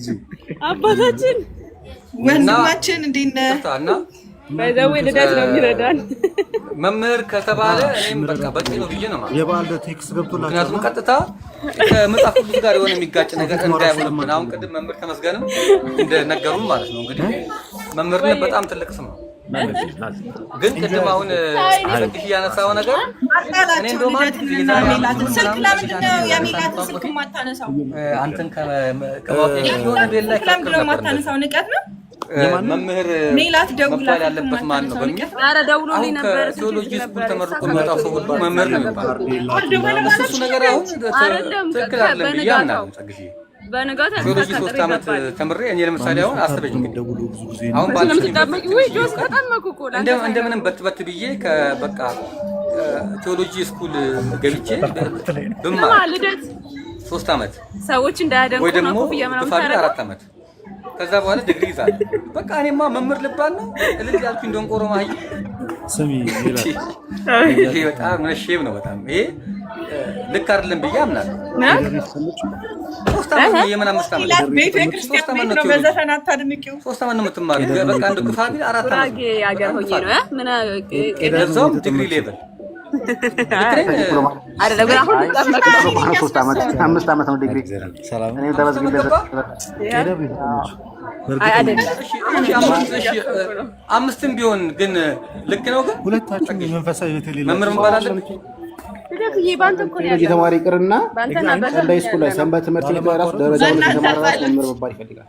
ጊዜ አባታችን ወንድማችን እንዴት ነህ? ልደት ነው የሚረዳን መምህር ከተባለ እኔም በቃ በቂ ነው ብዬ ነው ቴክስ ምክንያቱም ቀጥታ ከመጽሐፍ ቅዱስ ጋር የሆነ የሚጋጭ ነገር እንዳይሆንብን አሁን ቅድም መምህር ተመስገንም ማለት ነው እንግዲህ መምህርነት በጣም ትልቅ ስም ነው። ግን ቅድም አሁን ሽ እያነሳው ነገር አንተን መምህር ሜላት ደውላ ያለበት ማን ነው በሚል አሁን ከቴዎሎጂ ስኩል ተመርቆ የሚወጣው ሰው ሁሉ መምህር ነው የሚባለው። እሱ ነገር አሁን ትክክል አይደለም ብዬ አምናለሁ። በንጋት ጂኦሎጂ ተምሬ እኔ ለምሳሌ አሁን አስበኝ እንግዲህ አሁን እንደምንም በትበት ብዬ በቃ ቴዎሎጂ ስኩል ገብቼ ብማር ሶስት ዓመት ሰዎች እንዳያደርጉ ወይ ደግሞ ብፋደግ አራት ዓመት ከዛ በኋላ ዲግሪ ይዛል። በቃ እኔማ መምህር ልባል ነው እልል ያልኩኝ እንደንቆሮ ማየ ስሚ ይሄ በጣም ነው። በጣም ይሄ ልክ አይደለም ብዬ አምናለሁ። ሶስት አመት የምን አምስት አመት ሶስት አመት ነው የምትማሪው። በቃ አንድ ኩፋቢ አራት አመት እዛውም ዲግሪ ሌቭል አምስትም ቢሆን ግን ልክ ነው ግን ሁለታችሁ መንፈሳዊ መምህር ባላለ የተማሪ ይቅርና ሰንበት ትምህርት ቤት ላይ ራሱ ደረጃውን የተማረ መምህር መባል ይፈልጋል።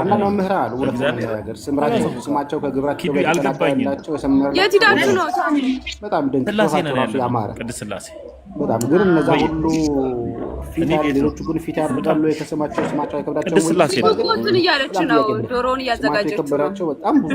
አንዳንድ መምህራን ሁለት ስምራቸው ስማቸው ከግብራቸው ላቸው የሰመርናቸው በጣም ድንቅ ያማረ በጣም ግን እነዛ ሁሉ ሌሎቹ ግን ፊት ያብጣሉ። የተሰማቸው ስማቸው አይከብዳቸው። ቅድስት ስላሴ ነው። ዶሮውን እያዘጋጀች የከበዳቸው በጣም ብዙ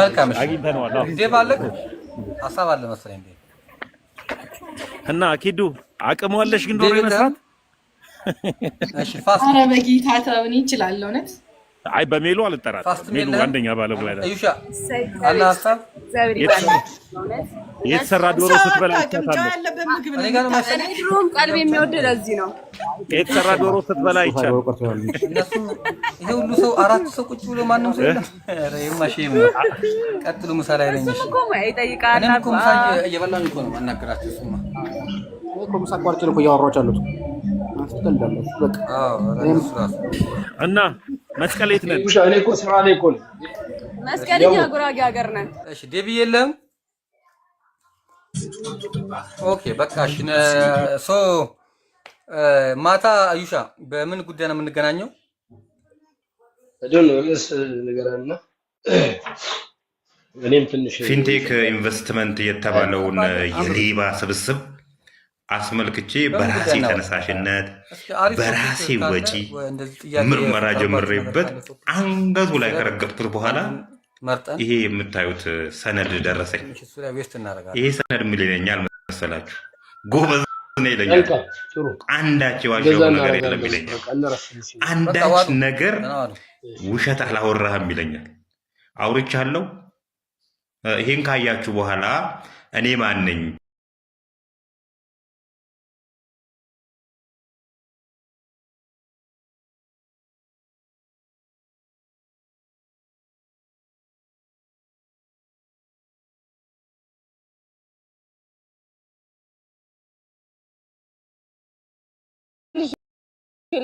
መልካም ጊዜ ባለ ሀሳብ አለ መሰለኝ እና ኪዱ አቅሙ አለሽ ግን ዶሮ ኧረ በጌታ ተው፣ እኔ እችላለሁ። እውነት አይ በሜሉ አልጠራትም። ሜሉ አንደኛ ባለሙያ ላይ አለ ሀሳብ የተሰራ ዶሮ ስትበላ ድሮም ቀልብ የሚወድ ለዚህ ነው። የተሰራ ዶሮ ስትበላ ይቻላል። ይሄ ሁሉ ሰው አራት ሰው ቁጭ ብሎ ማንም ሰው ቀጥሉ ምሳ ላይ ይጠይቃል። እየበላን እኮ ነው አናገራቸው። እሱማ ምሳ ቋርጬ ነው እኮ እያወራሁት እና መስቀል የት ነን? እኔ እኮ ስራ ላይ እኮ ነኝ መስቀልኛ ጉራጌ ሀገር ነን። እሺ ዴቢ የለም። ኦኬ በቃ እሺ። ሶ ማታ አዩሻ በምን ጉዳይ ነው የምንገናኘው? ርዕስ ንገረንና እኔም ትንሽ ፊንቴክ ኢንቨስትመንት የተባለውን የሌባ ስብስብ አስመልክቼ በራሴ ተነሳሽነት በራሴ ወጪ ምርመራ ጀምሬበት አንገቱ ላይ ከረገጥኩት በኋላ ይሄ የምታዩት ሰነድ ደረሰኝ። ይሄ ሰነድ ምን ይለኛል መሰላችሁ? ጎበዝ ነው ይለኛል። አንዳች የዋሸው ነገር የለም ይለኛል። አንዳች ነገር ውሸት አላወራህም ይለኛል። አውርቻለሁ። ይሄን ካያችሁ በኋላ እኔ ማን ነኝ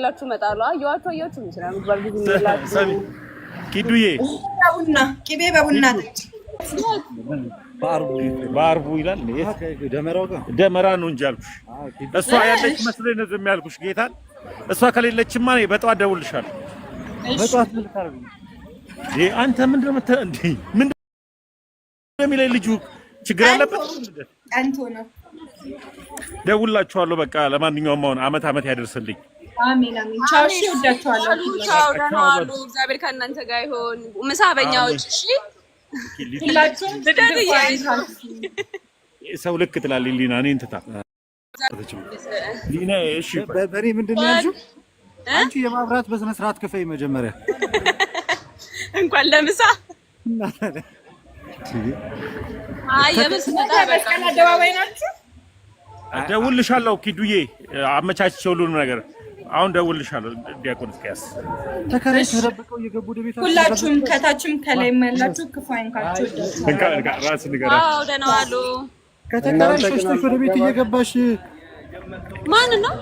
ላችሁ እመጣለሁ። አየኋቸው አየኋቸው ይመስላል ምግባር ጊዜ ኪዱዬ ቡና በቡና በአርቡ ይላል ደመራ ነው እንጂ አልኩሽ። እሷ ያለች መስሎኝ ነው ዝም ያልኩሽ። ጌታን እሷ ከሌለችማ እኔ በጠዋት እደውልልሻለሁ። አንተ ምንድን ነው የሚለኝ ልጁ ችግር አለበት። ደውላችኋለሁ። በቃ ለማንኛውም አሁን አመት አመት ያደርስልኝ አሜን አሜን። ቻው። እሺ፣ ወዳችኋለሁ። ቻው። ደህና ዋሉ። እግዚአብሔር ከእናንተ ጋር ይሁን። ምሳ በእኛ እሺ፣ ሁላችሁም ሰው ልክ ትላለች ሊና። እኔን ትታ ሊና። እሺ፣ በእኔ ምንድን ነው ያልሽው? አንቺ የማብራት በስነ ስርዓት ክፈይ መጀመሪያ። እንኳን ለምሳ አደባባይ ናችሁ። እደውልልሻለሁ ኪዱዬ፣ አመቻችቼ ሁሉንም ነገር አሁን ደውልልሻለሁ። ዲያቆን እስኪያስ ተከራይ ተደብቀው እየገቡ ወደ ሁላችሁም ከታችም ከላይ ያላችሁ ክፉ አይንካችሁ። ራስ ንገራ ደህና ዋሉ። ከተከራይ ሸሽተሽ ወደ ቤት እየገባሽ ማን ነው?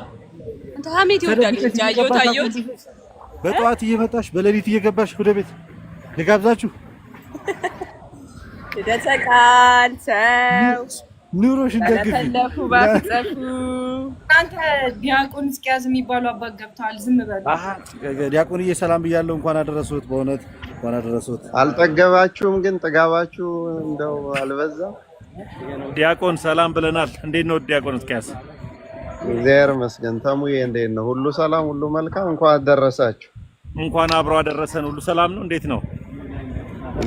ሀሜት ይወዳል። በጠዋት እየመጣሽ በሌሊት እየገባሽ ወደ ቤት ልጋብዛችሁ። ይደሰቃል ሰው ኑሮሽ ደግፊ። ተለፉ ባትጠፉ። አንተ ዲያቆን እስኪያዝ የሚባሉ አባት ገብተዋል። ዝም በሉ። ዲያቆንዬ ሰላም ብያለሁ። እንኳን አደረሱት። በእውነት እንኳን አደረሱት። አልጠገባችሁም ግን ጥጋባችሁ እንደው አልበዛም? ዲያቆን ሰላም ብለናል። እንዴት ነው ዲያቆን እስኪያዝ? እግዚአብሔር ይመስገን። ተሙዬ እንዴት ነው? ሁሉ ሰላም፣ ሁሉ መልካም። እንኳን አደረሳችሁ። እንኳን አብሮ አደረሰን። ሁሉ ሰላም ነው። እንዴት ነው?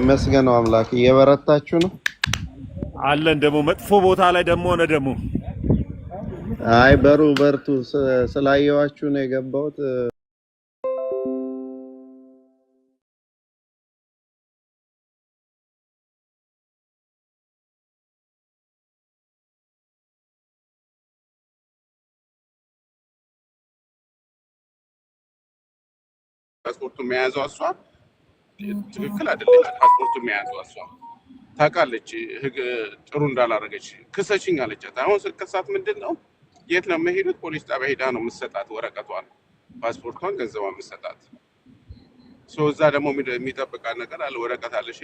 ይመስገነው አምላክ። እየበረታችሁ ነው አለን ደግሞ መጥፎ ቦታ ላይ ደግሞ ሆነ ደግሞ አይ በሩ በርቱ ስላየዋችሁ ነው የገባሁት። ፓስፖርቱ የያዘው እሷ ትክክል አይደለም። ፓስፖርቱ የያዘው እሷ ታውቃለች ጥሩ እንዳላረገች ክሰችኝ አለቻት። አሁን ስከሳት ምንድን ነው የት ነው የምሄዱት? ፖሊስ ጣቢያ ሄዳ ነው የምሰጣት ወረቀቷን፣ ፓስፖርቷን፣ ገንዘቧን የምሰጣት። እዛ ደግሞ የሚጠብቃት ነገር አለ። ወረቀት አለሽ